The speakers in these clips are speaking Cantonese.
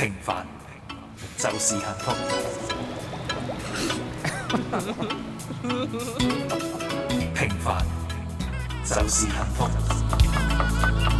平凡就是幸福，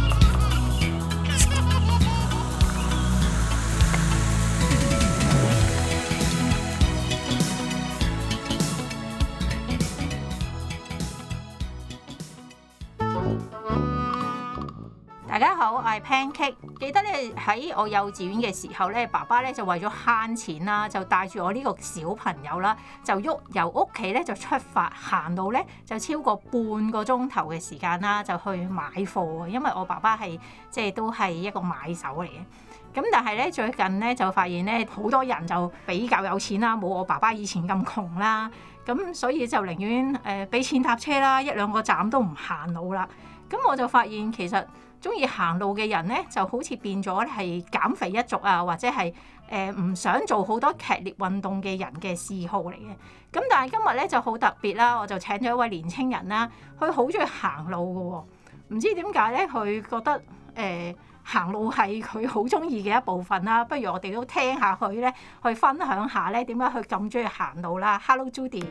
係 pancake，記得咧喺我幼稚園嘅時候咧，爸爸咧就為咗慳錢啦，就帶住我呢個小朋友啦，就喐由屋企咧就出發行路咧，就超過半個鐘頭嘅時間啦，就去買貨。因為我爸爸係即係都係一個買手嚟嘅，咁但係咧最近咧就發現咧好多人就比較有錢啦，冇我爸爸以前咁窮啦，咁所以就寧願誒俾錢搭車啦，一兩個站都唔行路啦。咁我就發現其實，中意行路嘅人咧，就好似變咗係減肥一族啊，或者係誒唔想做好多劇烈運動嘅人嘅嗜好嚟嘅。咁但係今日咧就好特別啦，我就請咗一位年輕人啦，佢好中意行路嘅喎、哦。唔知點解咧，佢覺得誒行、呃、路係佢好中意嘅一部分啦。不如我哋都聽下佢咧，去分享下咧點解佢咁中意行路啦。Hello, Judy。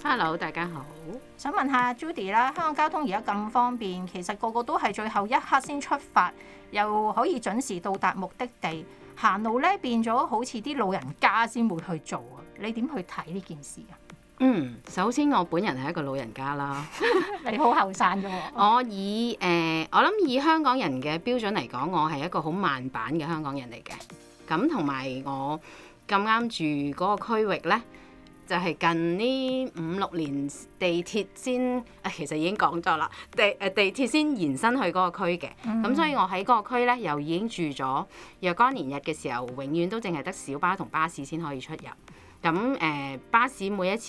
Hello，大家好。想問下 Judy 啦，香港交通而家咁方便，其實個個都係最後一刻先出發，又可以準時到達目的地。行路咧變咗好似啲老人家先會去做啊？你點去睇呢件事啊？嗯，首先我本人係一個老人家啦。 你好後生啫喎。我以誒，我諗以香港人嘅標準嚟講，我係一個好慢板嘅香港人嚟嘅。咁同埋我咁啱住嗰個區域咧。就係近呢五六年地鐵先，其實已經講咗啦。地誒地鐵先延伸去嗰個區嘅，咁、mm hmm. 所以我喺個區呢，又已經住咗若干年日嘅時候，永遠都淨係得小巴同巴士先可以出入。咁、呃、巴士每一次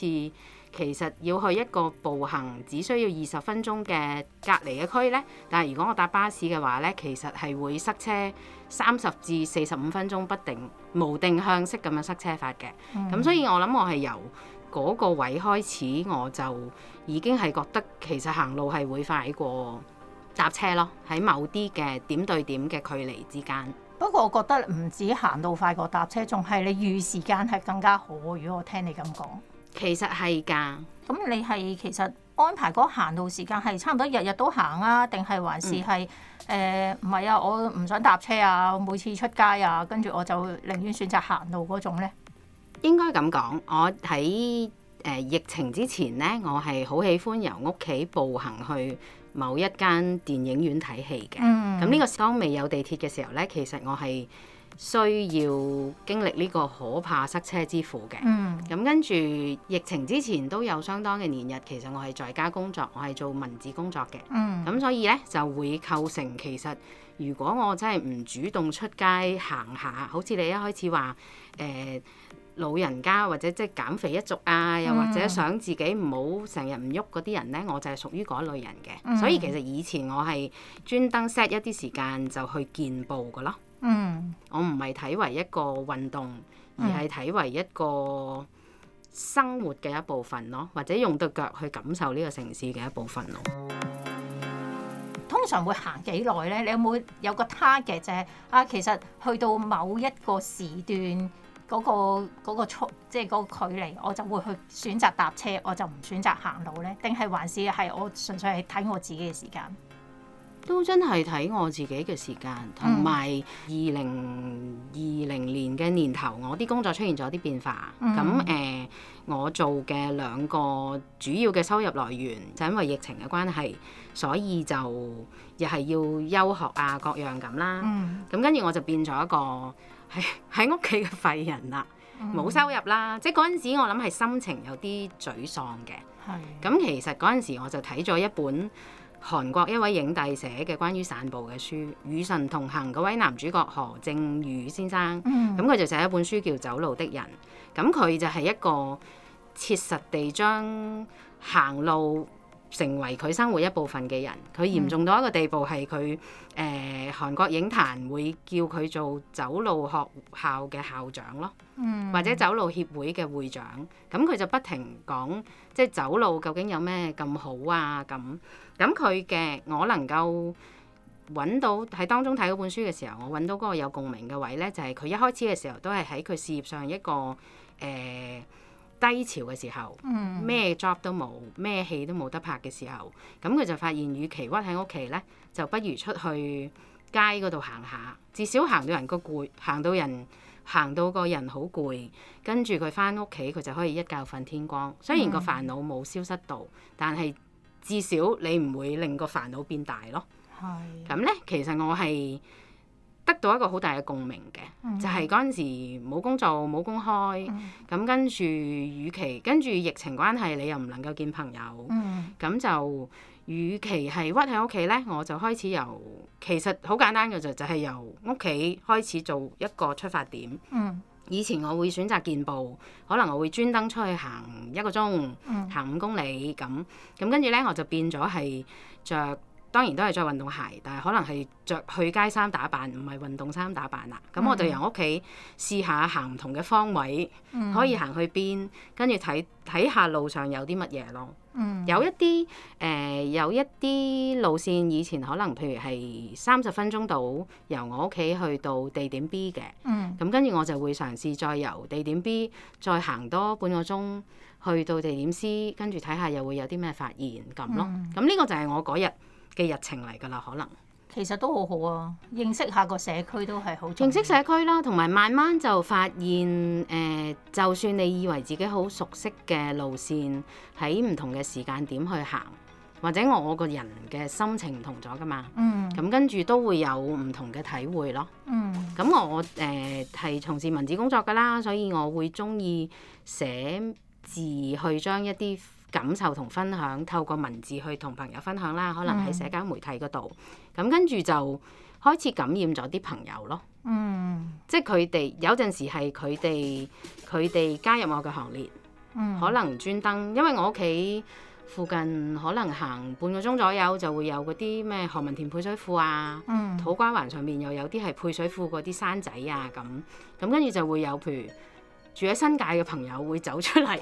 其實要去一個步行只需要二十分鐘嘅隔離嘅區呢。但係如果我搭巴士嘅話呢，其實係會塞車。三十至四十五分鐘，不定無定向式咁樣塞車法嘅。咁，嗯、所以我諗我係由嗰個位開始，我就已經係覺得其實行路係會快過搭車咯，喺某啲嘅點對點嘅距離之間，不過我覺得唔止行路快過搭車，仲係你預時間係更加好。如果我聽你咁講，其實係㗎。咁你係其實。安排嗰行路時間係差唔多日日都行啊？定係還是係誒唔係啊？我唔想搭車啊！每次出街啊，跟住我就寧願選擇行路嗰種呢。應該咁講，我喺誒、呃、疫情之前呢，我係好喜歡由屋企步行去某一間電影院睇戲嘅。咁呢、嗯、個當未有地鐵嘅時候呢，其實我係需要經歷呢個可怕塞車之苦嘅，咁、嗯、跟住疫情之前都有相當嘅年日。其實我係在家工作，我係做文字工作嘅，咁、嗯、所以咧就會構成其實，如果我真係唔主動出街行下，好似你一開始話誒、呃、老人家或者即係減肥一族啊，又或者想自己唔好成日唔喐嗰啲人咧，我就係屬於嗰類人嘅。嗯、所以其實以前我係專登 set 一啲時間就去健步噶咯。嗯，我唔係睇為一個運動，而係睇為一個生活嘅一部分咯，或者用對腳去感受呢個城市嘅一部分咯。通常會行幾耐咧？你有冇有個 target 嘅啫？啊，其實去到某一個時段嗰個嗰個速，即係嗰個距離，我就會去選擇搭車，我就唔選擇行路咧。定係還是係我純粹係睇我自己嘅時間。都真係睇我自己嘅時間，同埋二零二零年嘅年頭，我啲工作出現咗啲變化。咁誒、嗯呃，我做嘅兩個主要嘅收入來源，就因為疫情嘅關係，所以就又係要休學啊各樣咁啦。咁跟住我就變咗一個喺喺屋企嘅廢人啦，冇、嗯、收入啦。即係嗰陣時，我諗係心情有啲沮喪嘅。係咁是，其實嗰陣時我就睇咗一本韓國一位影帝寫嘅關於散步嘅書《與神同行》，嗰位男主角何正宇先生，咁佢、嗯、就寫一本書叫《走路的人》，咁佢就係一個切實地將行路成為佢生活一部分嘅人，佢嚴重到一個地步係佢誒韓國影壇會叫佢做走路學校嘅校長咯，或者走路協會嘅會長。咁佢就不停講，即係走路究竟有咩咁好啊？咁咁佢嘅我能夠揾到喺當中睇嗰本書嘅時候，我揾到嗰個有共鳴嘅位咧，就係佢一開始嘅時候都係喺佢事業上一個誒，呃低潮嘅時候，嗯、咩 job 都冇，咩戲都冇得拍嘅時候，咁佢就發現，與其屈喺屋企咧，就不如出去街嗰度行下，至少行到人個攰，行到人行到個人好攰，跟住佢翻屋企，佢就可以一覺瞓天光。雖然個煩惱冇消失到，嗯、但係至少你唔會令個煩惱變大咯。係咁咧，其實我係。得到一個好大嘅共鳴嘅，嗯、就係嗰陣時冇工作冇工開，咁、嗯、跟住與其跟住疫情關係，你又唔能夠見朋友，咁、嗯、就與其係屈喺屋企咧，我就開始由其實好簡單嘅就是、就係、是、由屋企開始做一個出發點。嗯、以前我會選擇健步，可能我會專登出去行一個鐘，行、嗯、五公里咁，咁跟住咧我就變咗係着。當然都係着運動鞋，但係可能係着去街衫打扮，唔係運動衫打扮啦。咁我就由屋企試下行唔同嘅方位，嗯、可以行去邊，跟住睇睇下路上有啲乜嘢咯、嗯有呃。有一啲誒，有一啲路線以前可能譬如係三十分鐘到由我屋企去到地點 B 嘅，咁跟住我就會嘗試再由地點 B 再行多半個鐘去到地點 C，跟住睇下又會有啲咩發現咁咯。咁呢、嗯、個就係我嗰日嘅日程嚟噶啦，可能其實都好好啊，認識下個社區都係好。認識社區啦，同埋慢慢就發現，誒、呃，就算你以為自己好熟悉嘅路線，喺唔同嘅時間點去行，或者我個人嘅心情唔同咗噶嘛。嗯。咁跟住都會有唔同嘅體會咯。嗯。咁我誒係、呃、從事文字工作噶啦，所以我會中意寫字去將一啲感受同分享，透過文字去同朋友分享啦，可能喺社交媒體嗰度，咁、mm. 跟住就開始感染咗啲朋友咯。嗯、mm.，即係佢哋有陣時係佢哋佢哋加入我嘅行列。Mm. 可能專登，因為我屋企附近可能行半個鐘左右就會有嗰啲咩何文田配水庫啊，mm. 土瓜灣上面又有啲係配水庫嗰啲山仔啊，咁咁跟住就會有譬如。住喺新界嘅朋友會走出嚟，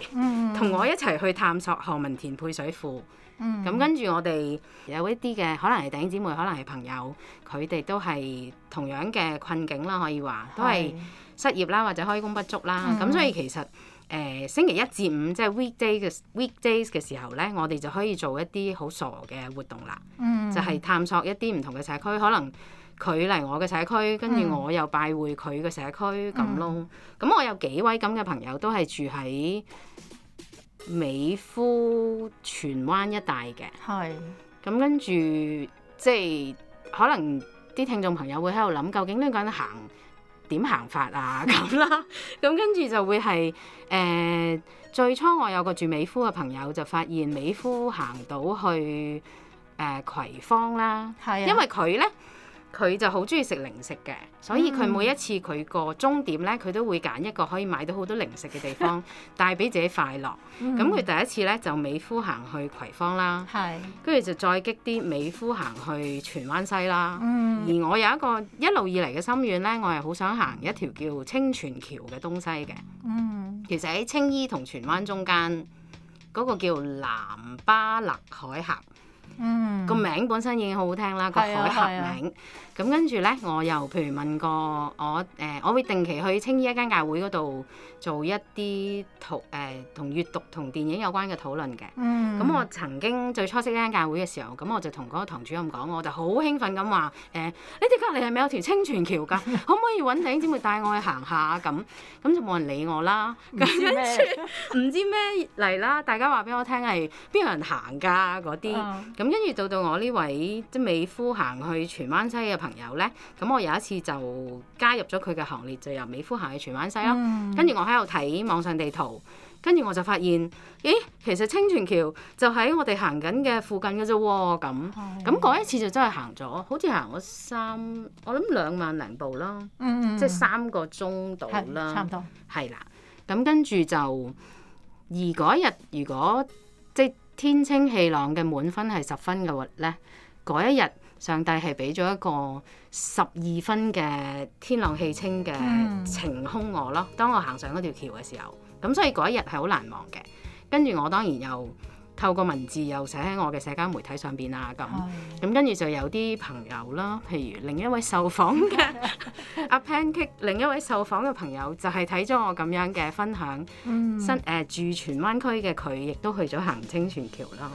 同我一齊去探索何文田配水庫、嗯。咁跟住我哋有一啲嘅，可能係頂姊妹，可能係朋友，佢哋都係同樣嘅困境啦，可以話都係失業啦，或者開工不足啦。咁、嗯、所以其實誒、呃、星期一至五即係、就是、weekday 嘅 weekdays 嘅時候呢，我哋就可以做一啲好傻嘅活動啦。嗯、就係探索一啲唔同嘅社區，可能。佢嚟我嘅社區，跟住我又拜會佢嘅社區咁、嗯、咯。咁我有幾位咁嘅朋友都係住喺美孚、荃灣一帶嘅。係是。咁、嗯、跟住即係可能啲聽眾朋友會喺度諗，究竟呢個人行點行法啊咁啦。咁、 嗯、跟住就會係誒、呃、最初我有個住美孚嘅朋友就發現美孚行到去誒、呃、葵芳啦。係、啊。因為佢咧。佢就好中意食零食嘅，所以佢每一次佢個終點呢，佢都會揀一個可以買到好多零食嘅地方， 帶俾自己快樂。咁佢、嗯、第一次呢，就美孚行去葵芳啦，跟住是就再激啲美孚行去荃灣西啦。嗯、而我有一個一路以嚟嘅心願呢，我係好想行一條叫青荃橋嘅東西嘅。嗯、其實喺青衣同荃灣中間嗰、嗰個叫藍巴勒海峽。嗯，個名本身已經好好聽啦、啊，個海峽名、啊。咁、啊、跟住咧，我又譬如問過我誒、呃，我會定期去青衣一間教會嗰度做一啲討誒同閱讀同電影有關嘅討論嘅、嗯。咁、嗯、我曾經最初識一間教會嘅時候，咁我就同嗰個堂主任講，我就好興奮咁話誒，你哋隔籬係咪有條清泉橋噶？可 唔 可以揾你姊妹帶我去行下咁？咁就冇人理我啦。唔知咩？唔知咩嚟啦？大家話俾我聽係邊個人行噶嗰啲咁跟住到到我呢位即美孚行去荃灣西嘅朋友咧，咁我有一次就加入咗佢嘅行列，就由美孚行去荃灣西咯。嗯、跟住我喺度睇網上地圖，跟住我就發現，咦，其實清泉橋就喺我哋行緊嘅附近嘅啫喎。咁咁嗰一次就真係行咗，好似行咗三，我諗兩萬零步啦，嗯、即係三個鐘度啦，差唔多，係啦。咁跟住就，而嗰日如果，天清氣朗嘅滿分係十分嘅喎。呢嗰一日上帝係俾咗一個十二分嘅天朗氣清嘅晴空，我咯，當我行上嗰條橋嘅時候，咁所以嗰一日係好難忘嘅。跟住我當然又。透過文字又寫喺我嘅社交媒體上面啊，咁咁跟住就有啲朋友啦，譬如另一位受訪嘅阿 Pancake，另一位受訪嘅朋友就係睇咗我咁樣嘅分享，嗯、新誒、呃、住荃灣區嘅佢亦都去咗行清泉橋啦。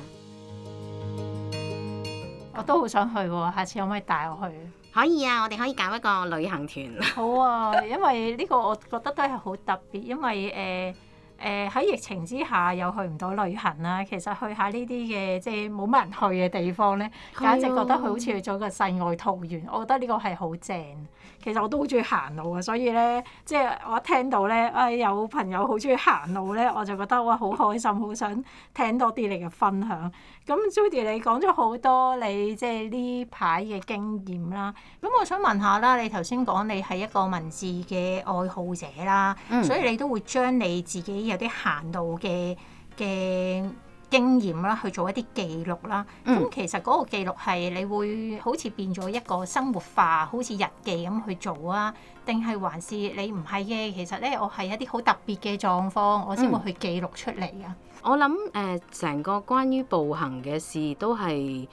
我都好想去喎、哦，下次可唔可以帶我去？可以啊，我哋可以搞一個旅行團。好啊，因為呢個我覺得都係好特別，因為誒。呃誒喺疫情之下又去唔到旅行啦，其實去下呢啲嘅即係冇乜人去嘅地方咧，哦、簡直覺得佢好似去咗個世外桃源。我覺得呢個係好正。其實我都好中意行路啊，所以咧即係我一聽到咧，啊、哎、有朋友好中意行路咧，我就覺得哇，好開心，好 想聽多啲你嘅分享。咁 Judy，你講咗好多你即係呢排嘅經驗啦。咁我想問下啦，你頭先講你係一個文字嘅愛好者啦，嗯、所以你都會將你自己有啲行路嘅嘅經驗啦去做一啲記錄啦。咁、嗯、其實嗰個記錄係你會好似變咗一個生活化，好似日記咁去做啊？定係還是你唔係嘅？其實咧，我係一啲好特別嘅狀況，我先會去記錄出嚟啊。嗯我諗誒，成、呃、個關於步行嘅事都係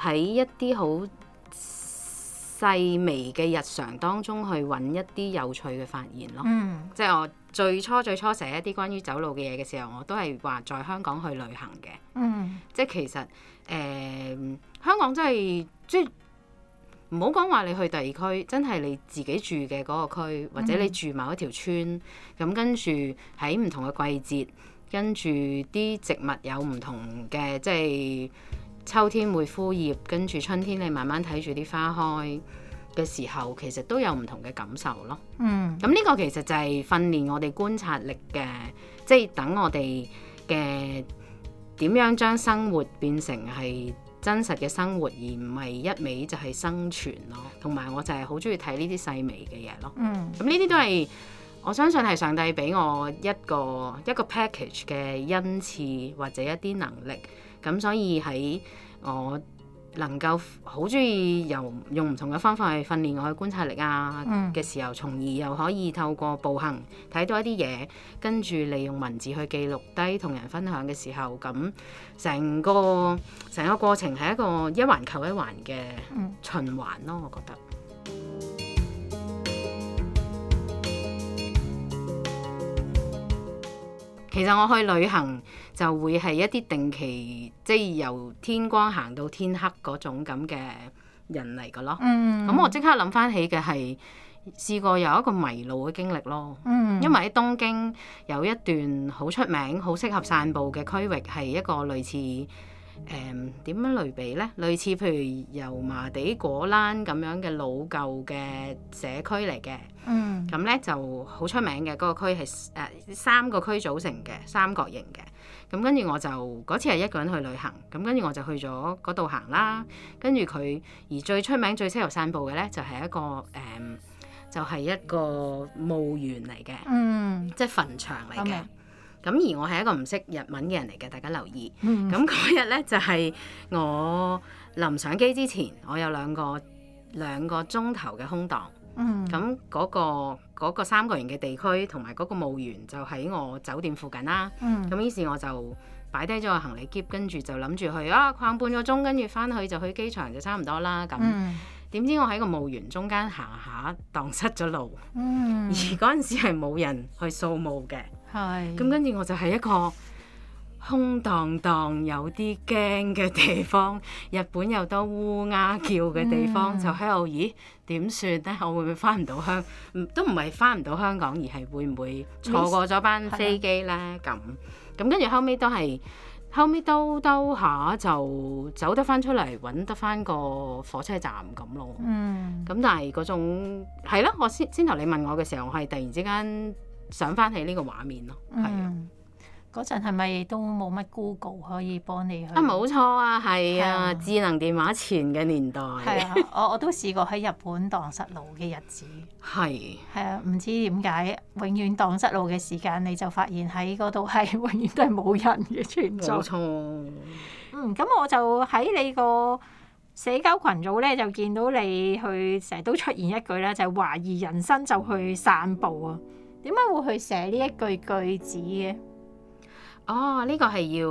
喺一啲好細微嘅日常當中去揾一啲有趣嘅發現咯。嗯，即係我最初最初寫一啲關於走路嘅嘢嘅時候，我都係話在香港去旅行嘅。嗯，即係其實誒、呃，香港真係即係唔好講話你去第二區，真係你自己住嘅嗰個區，或者你住某一條村，咁、嗯嗯、跟住喺唔同嘅季節。跟住啲植物有唔同嘅，即係秋天會枯葉，跟住春天你慢慢睇住啲花開嘅時候，其實都有唔同嘅感受咯。嗯，咁呢個其實就係訓練我哋觀察力嘅，即係等我哋嘅點樣將生活變成係真實嘅生活，而唔係一味就係生存咯。同埋，我就係好中意睇呢啲細微嘅嘢咯。嗯，咁呢啲都係。我相信係上帝俾我一個一個 package 嘅恩賜或者一啲能力，咁所以喺我能夠好中意由用唔同嘅方法去訓練我嘅觀察力啊嘅、嗯、時候，從而又可以透過步行睇到一啲嘢，跟住利用文字去記錄低同人分享嘅時候，咁成個成個過程係一個一環扣一環嘅循環咯，我覺得。其實我去旅行就會係一啲定期，即係由天光行到天黑嗰種咁嘅人嚟嘅咯。咁、嗯、我即刻諗翻起嘅係試過有一個迷路嘅經歷咯。嗯、因為喺東京有一段好出名、好適合散步嘅區域係一個類似。誒點、um, 樣類比咧？類似譬如油麻地果欄咁樣嘅老舊嘅社區嚟嘅，嗯，咁咧就好出名嘅嗰、那個區係、呃、三個區組成嘅三角形嘅，咁跟住我就嗰次係一個人去旅行，咁跟住我就去咗嗰度行啦，跟住佢而最出名最適合散步嘅咧就係、是、一個誒，就係一個墓園嚟嘅，嗯，就是、嗯即係墳場嚟嘅。嗯嗯。咁而我係一個唔識日文嘅人嚟嘅，大家留意。咁嗰日呢，就係、是、我臨上機之前，我有兩個兩個鐘頭嘅空檔。咁嗰、嗯嗯嗰個嗰個三角形嘅地區同埋嗰個墓園就喺我酒店附近啦。咁、嗯嗯嗯、於是我就擺低咗個行李喼跟住就諗住去啊逛半個鐘，跟住翻去就去機場就差唔多啦。咁點知我喺個墓園中間行下，蕩失咗路。而嗰陣時係冇人去掃墓嘅。係。咁是跟住我就係一個空蕩蕩有啲驚嘅地方，日本又多烏鴉叫嘅地方，嗯、就喺度，咦，點算咧？我會唔會翻唔到香？都唔係翻唔到香港，而係會唔會錯過咗班飛機咧？咁咁、嗯、跟住後尾都係後尾兜兜，兜下就走得翻出嚟，揾得翻個火車站咁咯。嗯。咁但係嗰種係咯，我先先頭你問我嘅時候，我係突然之間。想翻起呢個畫面咯，係嗰陣係咪都冇乜 Google 可以幫你？啊，冇錯啊，係啊，的智能電話前嘅年代係啊，我我都試過喺日本蕩失路嘅日子，係係啊，唔知點解永遠蕩失路嘅時間，你就發現喺嗰度係永遠都係冇人嘅，全部冇錯。嗯，咁我就喺你個社交群組咧，就見到你去成日都出現一句啦，就係、是、懷疑人生就去散步啊。點解會去寫呢一句句子嘅？哦，呢個係要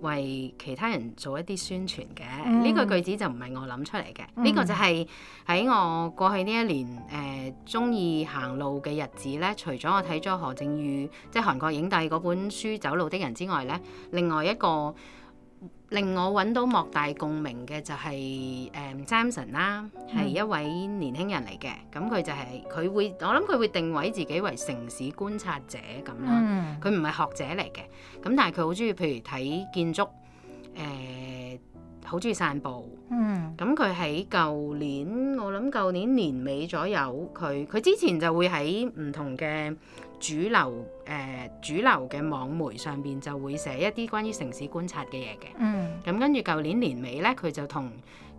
為其他人做一啲宣傳嘅。呢個、mm. 句句子就唔係我諗出嚟嘅。呢、mm. 個就係喺我過去呢一年誒中意行路嘅日子咧，除咗我睇咗何正宇即係、就是、韓國影帝嗰本書《走路的人》之外咧，另外一個。令我揾到莫大共鳴嘅就係誒 Samson 啦，係、um, 一位年輕人嚟嘅，咁佢就係、是、佢會，我諗佢會定位自己為城市觀察者咁啦。佢唔係學者嚟嘅，咁但係佢好中意，譬如睇建築，誒、呃。好中意散步。嗯，咁佢喺舊年，我諗舊年年尾左右，佢佢之前就會喺唔同嘅主流誒、呃、主流嘅網媒上邊就會寫一啲關於城市觀察嘅嘢嘅。嗯，咁跟住舊年年尾咧，佢就同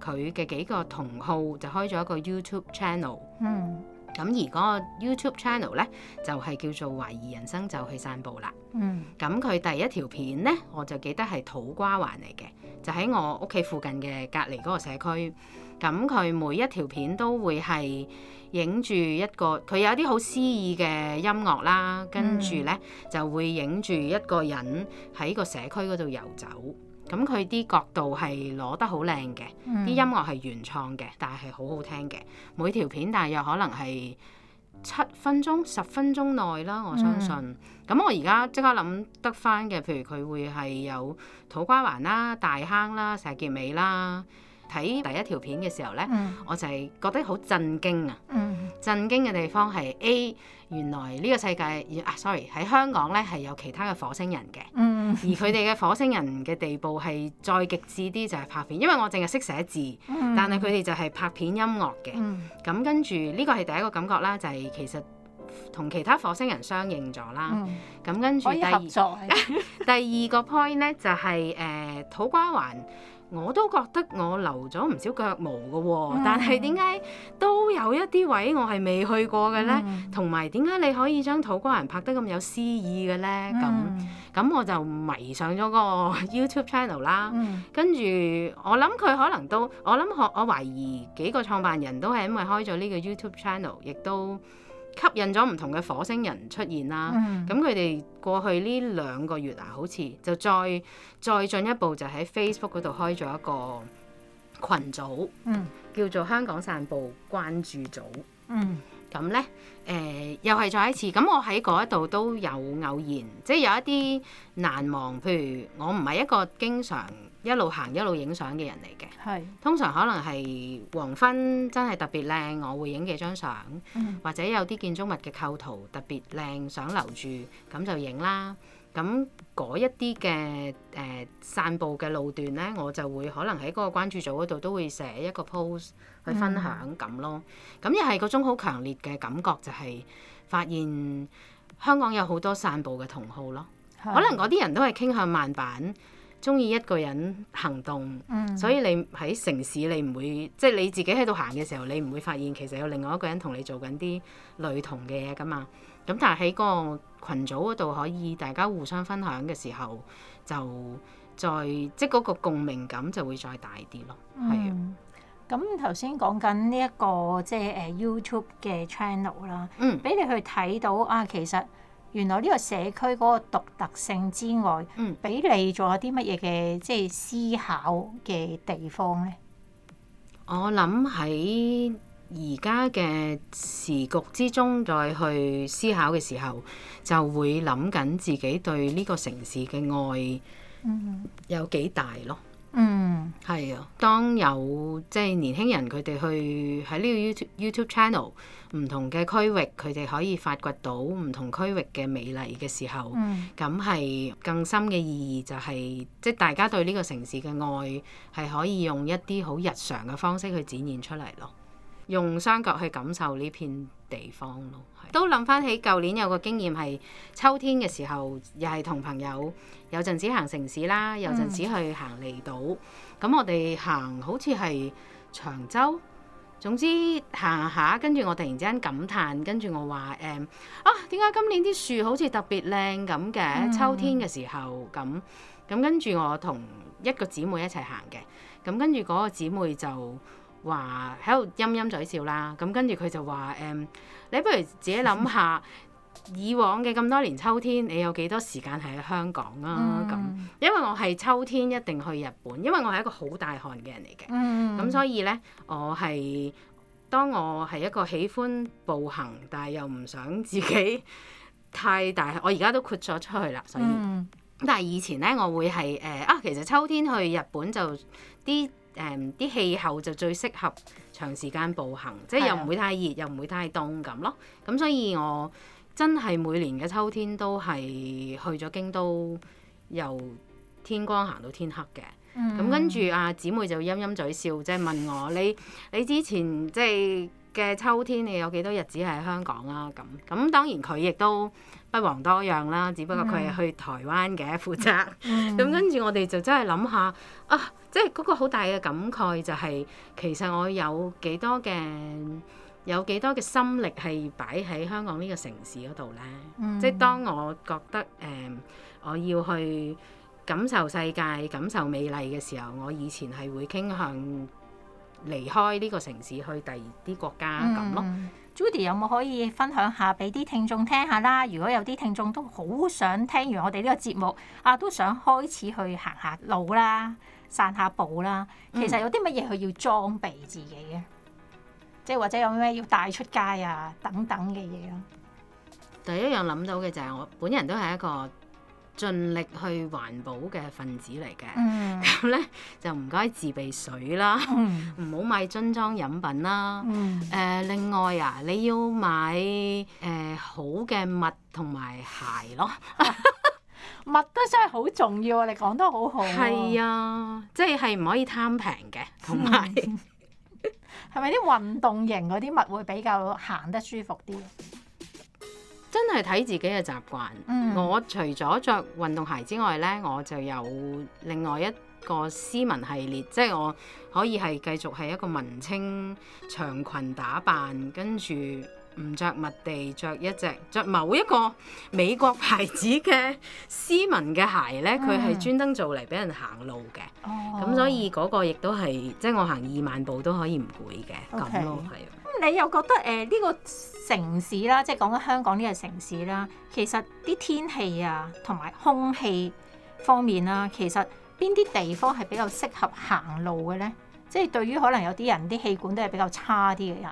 佢嘅幾個同好就開咗一個 YouTube channel。嗯，咁而嗰個 YouTube channel 咧就係、是、叫做懷疑人生就去散步啦。嗯，咁佢第一條片咧，我就記得係土瓜灣嚟嘅。就喺我屋企附近嘅隔離嗰個社區，咁佢每一條片都會係影住一個，佢有一啲好詩意嘅音樂啦，跟住呢、嗯、就會影住一個人喺個社區嗰度遊走，咁佢啲角度係攞得好靚嘅，啲、嗯、音樂係原創嘅，但係好好聽嘅，每條片大約可能係，七分鐘、十分鐘內啦，我相信。咁、嗯、我而家即刻諗得返嘅，譬如佢會係有土瓜灣啦、大坑啦、石硤尾啦。喺第一條片嘅時候咧，嗯、我就係覺得好震驚啊！嗯、震驚嘅地方係 A，原來呢個世界啊，sorry，喺香港咧係有其他嘅火星人嘅，嗯、而佢哋嘅火星人嘅地步係再極致啲就係拍片，因為我淨係識寫字，嗯、但係佢哋就係拍片音樂嘅。咁、嗯、跟住呢個係第一個感覺啦，就係、是、其實。同其他火星人相應咗啦，咁、嗯、跟住第二 第二個 point 咧就係、是、誒、uh, 土瓜灣，我都覺得我留咗唔少腳毛嘅喎、哦，嗯、但係點解都有一啲位我係未去過嘅咧？同埋點解你可以將土瓜灣拍得咁有詩意嘅咧？咁咁、嗯、我就迷上咗個 YouTube channel 啦，嗯、跟住我諗佢可能都我諗我我懷疑幾個創辦人都係因為開咗呢個 YouTube channel，亦都。吸引咗唔同嘅火星人出現啦，咁佢哋過去呢兩個月啊，好似就再再進一步就喺 Facebook 嗰度開咗一個群組，嗯、叫做香港散步關注組。咁、嗯、呢，誒、呃、又係再一次，咁我喺嗰一度都有偶然，即係有一啲難忘，譬如我唔係一個經常。一路行一路影相嘅人嚟嘅，是通常可能係黃昏真係特別靚，我會影幾張相，嗯、或者有啲建築物嘅構圖特別靚，想留住咁就影啦。咁嗰一啲嘅誒散步嘅路段咧，我就會可能喺嗰個關注組嗰度都會寫一個 post 去分享咁、嗯、咯。咁又係嗰種好強烈嘅感覺，就係發現香港有好多散步嘅同好咯。是可能嗰啲人都係傾向慢板。中意一個人行動，嗯、所以你喺城市你唔會，即係你自己喺度行嘅時候，你唔會發現其實有另外一個人同你做緊啲類同嘅嘢噶嘛。咁但係喺個群組嗰度可以大家互相分享嘅時候，就再即係嗰個共鳴感就會再大啲咯。係啊、嗯。咁頭先講緊呢一個即係 YouTube 嘅 channel 啦，俾你去睇到啊，其實。原來呢個社區嗰個獨特性之外，俾、嗯、你仲有啲乜嘢嘅即係思考嘅地方呢？我諗喺而家嘅時局之中，再去思考嘅時候，就會諗緊自己對呢個城市嘅愛有幾大咯。嗯，係啊的。當有即係、就是、年輕人佢哋去喺呢個 YouTube YouTube Channel。唔同嘅區域，佢哋可以發掘到唔同區域嘅美麗嘅時候，咁係、嗯、更深嘅意義就係、是，即、就、係、是、大家對呢個城市嘅愛，係可以用一啲好日常嘅方式去展現出嚟咯。用雙腳去感受呢片地方咯。都諗返起舊年有個經驗係秋天嘅時候，又係同朋友有陣時行城市啦，有陣時去行離島。咁、嗯、我哋行好似係長洲。總之行下，跟住我突然之間感嘆，跟住我話誒、嗯、啊，點解今年啲樹好似特別靚，咁嘅秋天嘅時候咁咁，跟住我同一個姊妹一齊行嘅，咁跟住嗰個姊妹就話喺度陰陰嘴笑啦，咁跟住佢就話誒、嗯，你不如自己諗下。 以往嘅咁多年秋天，你有幾多時間喺香港啊？咁、嗯、因為我係秋天一定去日本，因為我係一個好大汗嘅人嚟嘅。咁、嗯、所以呢，我係當我係一個喜歡步行，但係又唔想自己太大。我而家都豁咗出去啦，所以。嗯、但係以前呢，我會係誒、呃、啊，其實秋天去日本就啲誒啲氣候就最適合長時間步行，即係又唔會太熱，嗯、又唔會太凍咁咯。咁所以我。真係每年嘅秋天都係去咗京都，由天光行到天黑嘅。咁、嗯、跟住阿姊妹就陰陰嘴笑，即係問我：你你之前即係嘅秋天，你有幾多日子喺香港啊？咁咁當然佢亦都不遑多讓啦，只不過佢係去台灣嘅負責。咁、嗯、 跟住我哋就真係諗下啊，即係嗰個好大嘅感慨就係、是，其實我有幾多嘅。有幾多嘅心力係擺喺香港呢個城市嗰度呢？嗯、即係當我覺得誒，um, 我要去感受世界、感受美麗嘅時候，我以前係會傾向離開呢個城市去第二啲國家咁、嗯、咯。Judy 有冇可以分享下俾啲聽眾聽下啦？如果有啲聽眾都好想聽完我哋呢個節目啊，都想開始去行下路啦、散下步啦，其實有啲乜嘢佢要裝備自己嘅？嗯即係或者有咩要帶出街啊等等嘅嘢咯。第一樣諗到嘅就係、嗯、我本人都係一個盡力去環保嘅分子嚟嘅。咁咧、嗯、就唔該自備水啦，唔好、嗯、買樽裝飲品啦。誒、嗯呃、另外啊，你要買誒、呃、好嘅襪同埋鞋咯。襪 都真係好重要啊！你講得好好。係啊，即係係唔可以貪平嘅，同埋、嗯。係咪啲運動型嗰啲物會比較行得舒服啲？真係睇自己嘅習慣。嗯、我除咗着運動鞋之外呢，我就有另外一個斯文系列，即係我可以係繼續係一個文青長裙打扮，跟住。唔着襪地着，一隻着某一個美國牌子嘅斯文嘅鞋咧，佢係專登做嚟俾人行路嘅。咁、哦、所以嗰個亦都係即係我行二萬步都可以唔攰嘅咁咯，係。咁、嗯、你又覺得誒呢、呃呢個城市啦，即係講緊香港呢個城市啦，其實啲天氣啊同埋空氣方面啦、啊，其實邊啲地方係比較適合行路嘅咧？即係對於可能有啲人啲氣管都係比較差啲嘅人？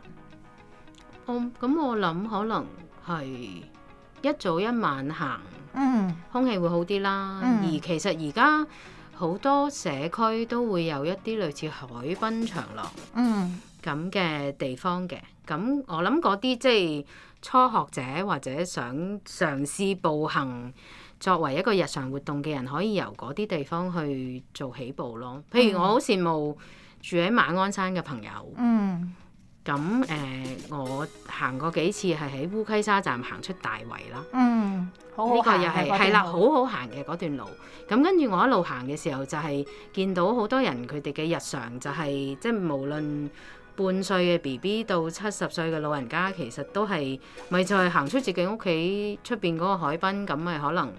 Oh, 我咁我諗可能係一早一晚行，mm hmm. 空氣會好啲啦。Mm hmm. 而其實而家好多社區都會有一啲類似海濱長廊，嗯，咁嘅地方嘅。咁、mm hmm. 我諗嗰啲即係初學者或者想嘗試步行作為一個日常活動嘅人，可以由嗰啲地方去做起步咯。譬如我好羨慕住喺馬鞍山嘅朋友，嗯、mm。Hmm. Mm hmm. 咁誒、呃，我行過幾次係喺烏溪沙站行出大圍啦。嗯，呢個又係係啦，好好行嘅段路。咁跟住我一路行嘅時候，就係、是、見到好多人佢哋嘅日常就係、是、即係無論半歲嘅 B B 到七十歲嘅老人家，其實都係咪再行出自己屋企出邊嗰個海濱咁？咪可能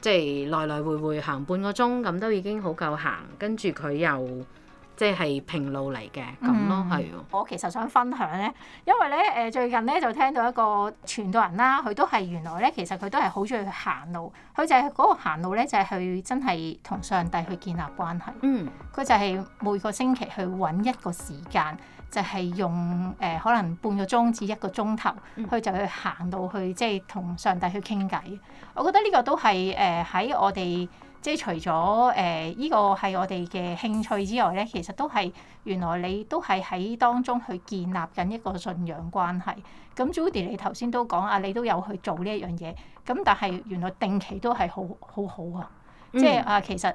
即係來來回回行半個鐘咁，都已經好夠行。跟住佢又。即係平路嚟嘅，咁咯、嗯，係。我其實想分享咧，因為咧，誒最近咧就聽到一個傳道人啦，佢都係原來咧，其實佢都係好鍾意去行路，佢就係嗰個行路咧，就係、是、去真係同上帝去建立關係。佢、嗯、就係每個星期去揾一個時間，就係、是、用誒、呃、可能半個鐘至一個鐘頭，佢、嗯、就去行路去，即係同上帝去傾偈。我覺得呢個都係誒喺我哋。即係除咗誒依個係我哋嘅興趣之外咧，其實都係原來你都係喺當中去建立緊一個信仰關係。咁 Judy 你頭先都講啊，你都有去做呢一樣嘢。咁但係原來定期都係好好好啊！嗯、即係啊，其實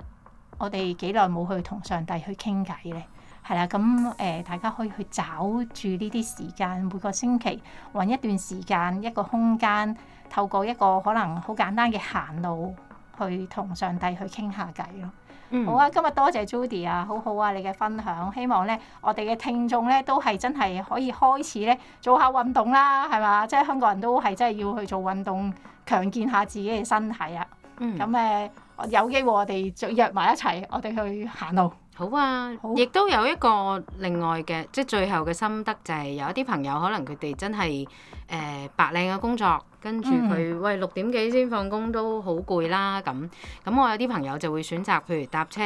我哋幾耐冇去同上帝去傾偈咧。係啦、啊，咁、呃、誒大家可以去找住呢啲時間，每個星期揾一段時間一個空間，透過一個可能好簡單嘅行路。去同上帝去傾下偈咯，好啊！今日多謝 Judy 啊，好好啊，你嘅分享，希望咧我哋嘅聽眾咧都係真係可以開始咧做下運動啦，係嘛？即係香港人都係真係要去做運動，強健下自己嘅身體啊！咁誒、嗯啊，有機會我哋再約埋一齊，我哋去行路。好啊，亦好都有一個另外嘅，即係最後嘅心得就係有一啲朋友可能佢哋真係誒、呃、白領嘅工作，跟住佢、嗯、喂，六點幾先放工都好攰啦咁，咁我有啲朋友就會選擇譬如搭車，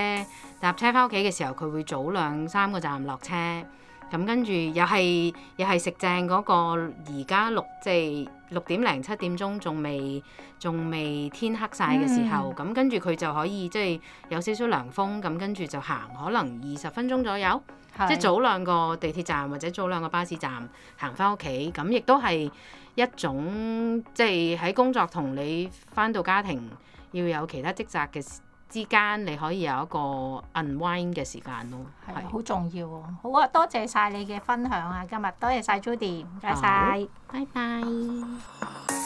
搭車返屋企嘅時候佢會早兩三個站落車。咁跟住又係又係食正嗰個而家六即係六點零七點鐘仲未仲未天黑晒嘅時候，咁、嗯、跟住佢就可以即係、就是、有少少涼風，咁跟住就行可能二十分鐘左右，是即係早兩個地鐵站或者早兩個巴士站行返屋企，咁亦都係一種即係喺工作同你返到家庭要有其他職責嘅。之間你可以有一個 unwind 嘅時間咯，係好重要喎、啊。好啊，多謝晒你嘅分享啊！今日多謝晒 Judy，唔該晒，好拜拜。